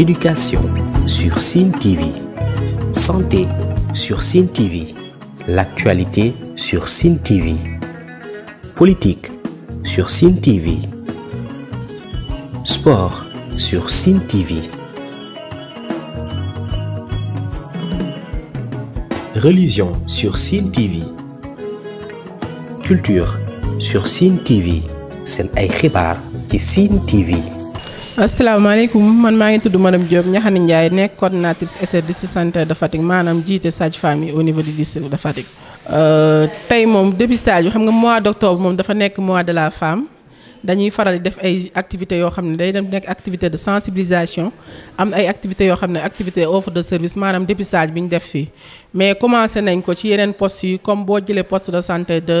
Éducation sur Cine TV. Santé sur Cine TV. L'actualité sur Cine TV. Politique sur Cine TV. Sport sur Cine TV. Religion sur Cine TV. Culture sur Cine TV. C'est un écrit par Cine TV asalaamaaleykum man maa ngi tudd madame Diop Niakhane Ndiaye nekk coordinatrice SR district sanitaire de Fatick maanaam jiite sages famille au niveau du district de Fatick. Euh, tey moom dépistage bi xam nga mois d'octobre moom dafa nekk mois de la femme dañuy faral di def ay activités yoo xam ne day dem nekk activité de sensibilisation am ay activités yoo xam ne activité offre de service maanaam dépistage bi ñu def fii mais commencé nañ ko ci yeneen postes yi comme boo jëlee poste de santé de.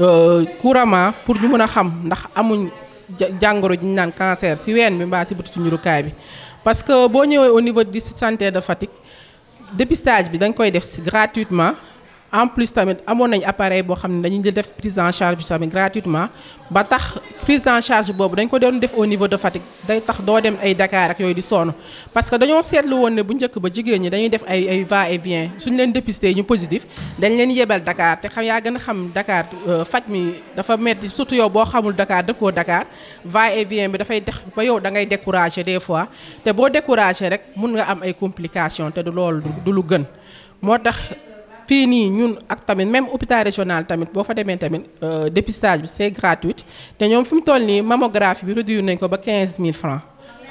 Euh, couramment pour ñu mën a xam ndax amuñ jàngoro ji ñu naan cancer si ween bi mbaa si bëtutu njurukaay bi parce que boo ñëwee au niveau du centre de Fatick dépistage bi dañ koy def si gratuitement en plus tamit amoon nañ appareil boo xam ne dañu def prise en charge bi tamit gratuitement ba tax prise en charge boobu dañ ko doon def au niveau de Fatick day tax doo dem ay Dakar ak yooyu di sonn parce que dañoo seetlu woon ne bu njëkk ba jigéen ñi dañuy def ay ay va et vient suñu leen dépisté ñu positif dañ leen yebal Dakar te xam yaa gën a xam Dakar euh, faj mi dafa metti surtout yow boo xamul Dakar dëkkoo Dakar va et vient bi dafay dex ba yow da ngay découragé des fois te boo découragé rek mun nga am ay complications te du loolu du lu gën moo tax fii nii ñun ak tamit même hôpital régional tamit boo fa demee tamit euh, dépistage bi c'est gratuit te ñoom fi mu toll nii mammographie bi réduire nañ ko ba 15000 francs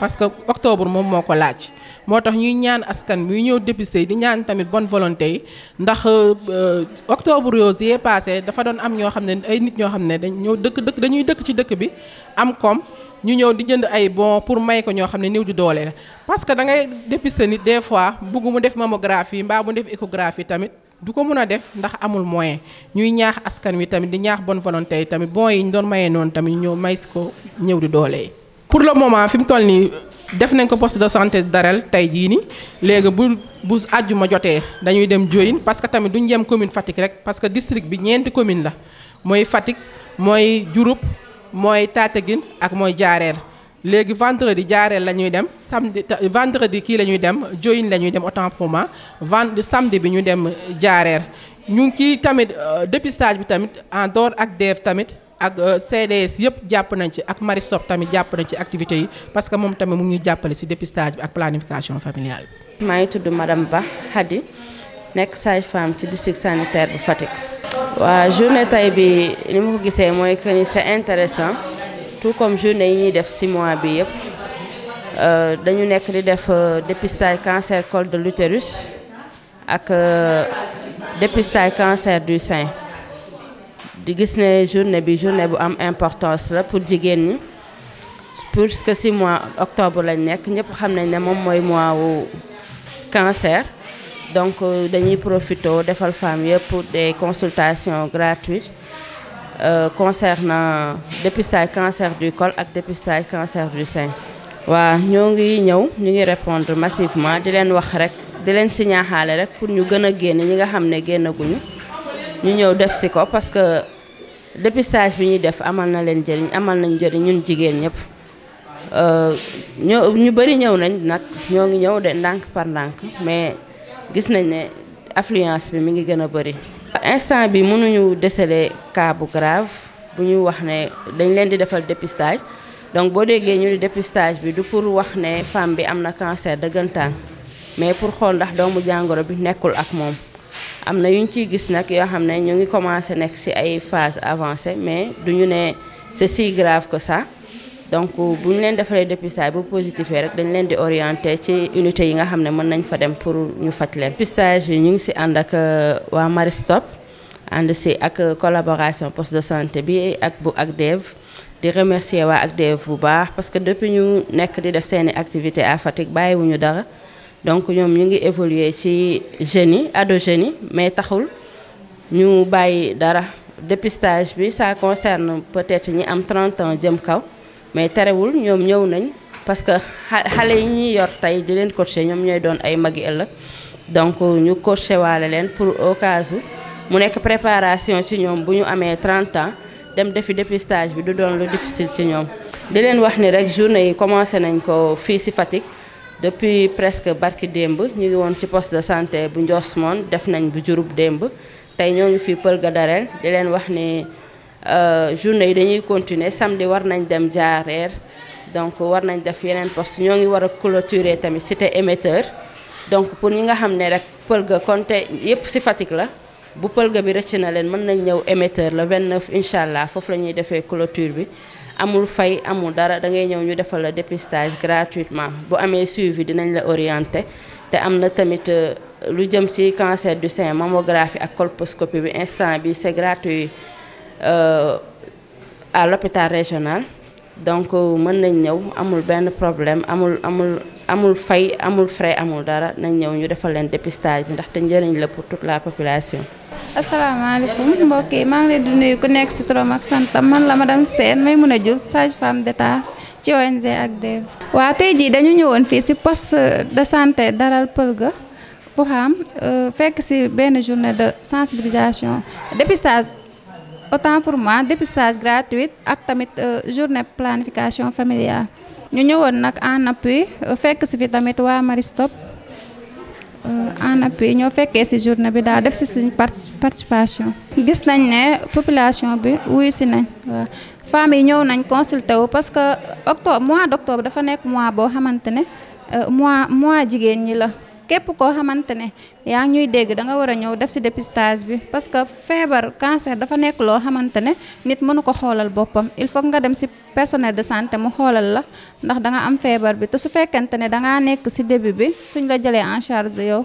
parce que octobre moom moo ko laaj moo tax ñuy ñaan askan muy ñëw dépisté di ñaan tamit bonne volonté yi ndax euh, octobre rose yee passé dafa doon am ñoo xam ne ay nit ñoo xam ne dañ ñëw dëkk dëkk dañuy dëkk ci dëkk bi am koom ñu ñëw di jënd ay bon pour may ko ñoo xam ne néew di doole la parce que da ngay dépister nit des fois bugg mu def mammographie mbaa mu def échographie tamit du ko mën a def ndax amul moyen ñuy ñaax askan wi tamit di ñaax bon volonté yi tamit bon yi ñu doon mayee noonu tamit ñëw may si ko ñëw di doole yi. pour le moment fi mu toll nii def nañ ko poste de santé daral tey jii nii léegi bu bu àjjuma jotee dañuy dem Diohine parce que tamit duñ yem commune Fatick rek parce que district bi ñeenti commune la mooy Fatick mooy Diouroup mooy Tataguine ak mooy Diarère. Le vendredi jaareel la dem samedi vendredi ki la dem lañuy dem autant pour moi samedi bi ñu dem tamit euh, dépistage bi tamit en dehors ak tamit ak euh, CDS parce que tamit dépistage planification familiale madame Ba Hadi femme ci district sanitaire journée c'est intéressant tout comme journée yi ñuy def ci mois bi yëpp euh, dañu nek li def euh, dépistage cancer col de l'utérus ak euh, dépistage cancer du sein di gis ne journée bi journée bu am importance la pour jigéen ñi puisque ci mois octobre lañ nek ñep xam nañ ne mom moy mois wu cancer donc dañuy profito defal femme yëpp des consultations gratuites euh, concernant dépistage cancer du col ak dépistage cancer du sein waaw ñoo ngi ñëw ñu ngi répondre massivement di leen wax rek di leen si ñaaxaale rek pour ñu gën a génn ñi nga xam ne génnaguñu ñu ñëw def si ko parce que dépistage bi ñuy def amal na leen jëriñ amal nañ jëriñ ñun jigéen ñëpp euh, ñoo ñu bëri ñëw nañ nag ñoo ngi ñëw de ndànk par ndànk mais gis nañ ne affluence bi mi ngi gën a bëri. instant bi mënuñu déceler cas bu grave bu ñu wax ne dañ leen di defal dépistage donc boo déggee ñu di dépistage bi du pour wax ne femme bi am na cancer dëggantaan mais pour xool ndax doomu jàngoro bi nekkul ak moom. am na yu ñu ciy gis nag yoo xam ne ñu ngi commencé nekk ci ay phase avancée mais du ñu ne c'est si grave que ça. donc bu ñu leen defalee dépistage bu positifee rek dañ leen di orienté ci unité yi nga xam ne mën nañ fa dem pour ñu faj leen. dépistage yi ñu ngi si ànd ak euh, waa Maristop ànd si ak euh, collaboration poste de santé bi ak bu ak dev di remercier waa ak dev bu baax parce que depuis ñu nekk di def seeni activité à Fatick wuñu dara donc ñoom ñu ngi évoluer ci jeunes yi ado jeunes yi mais taxul ñu bàyyi dara dépistage bi ça concerne peut-être ñi am trente ans jëm kaw. mais terewul ñom ñew nañ parce que xale yi ñuy yor tay di leen coaché ñom ñoy doon ay magi ëllëg donc ñu coaché walé leen pour au cas où mu nekk préparation ci ñom bu ñu amee 30 ans dem defi dépistage bi du doon lu difficile ci ñom di leen wax ni rek journée yi commencé nañ ko fi ci Fatick depuis presque barki demb ñu ngi won ci poste de santé bu Ndiosmone def nañ bu jurup demb tay ñoo ngi fi Peulh Gadarène di leen wax ni. Euh, journée dañuy continuer samedi war nañ dem jaarer donc war nañ def yenen poste ñoo ngi war a clôturer tamit cité émetteur donc pour ñi nga xam ne rek pëlga konte yépp ci fatigue la bu pëlga bi rëcc na leen mën nañ ñëw émetteur le 29 incha foofu la ñuy defee clôture bi amul fay amul dara da ngay ñëw ñu defal la dépistage gratuitement bu amee suivi dinañ la orienter te am na tamit euh, lu jëm ci cancer du sein mammographie ak colposcopie bi instant bi c'est gratuit Euh, à l'hôpital régional donc euh, mën nañ ñëw amul benn problème amul amul amul fay amul frais amul dara nañ ñëw ñu defal leen dépistage bi ndax te njëriñ la pour tout la population. asalaamaaleykum mbokk yi maa ngi leen di nuyu ku nekk si turam ak santam man la ma may mën a Diouf sage-femme d'État ci ONG ACDEV. waa tey jii dañu ñëwoon fii si poste de santé Daral Pël ga bu xam euh, fekk si benn journée de sensibilisation dépistage. autant pour moi dépistage gratuit ak tamit euh, journée planification familiale ñu ñëwoon nak en appui euh, fekk ci fi tamit waa Maristop euh, en appui ñoo fekké ci journée bi da def ci suñu participation. gis nañ né population bi wuy ci nañ waaw yi ñëw nañ consulter wu parce que octobre mois d'octobre dafa nek mois bo xamantene mois mois jigen ñi la. képp koo xamante ne yaa ngi ñuy dégg danga nga war a ñëw def si dépistage bi parce que feebar cancer dafa nekk loo xamante ne nit mënu ko xoolal boppam il faut nga dem si personnel de santé mu xoolal la ndax danga am feebar bi te su fekkente ne da ngaa nekk si début bi suñ la jëlee en charge yow.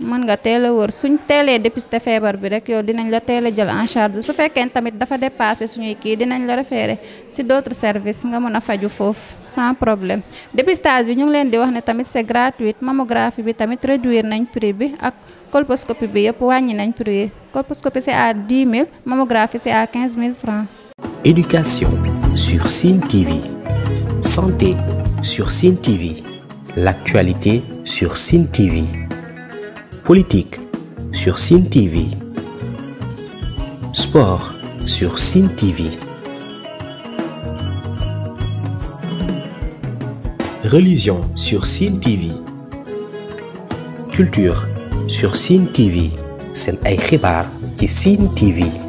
mën nga teel a wër suñ teelee dépister feebar bi rek yow dinañ la teel a jël en charge su fekkee tamit dafa dépassé suñuy kii dinañ la référé si d' autres services nga mën a faju foofu sans problème dépistage bi ñu ngi leen di wax ne tamit c' est gratuit mammographie bi tamit réduire nañ prix bi ak colposcopie bi yëpp wàññi nañ prix yi colposcopie à 10 000 mammographie c' à 15 000 francs. éducation sur Sine TV santé sur Sine TV l'actualité sur Sine TV. politique sur Cine TV, sport sur Cine TV, religion sur Cine TV, culture sur Cine TV, c'est un écrit par Cine TV.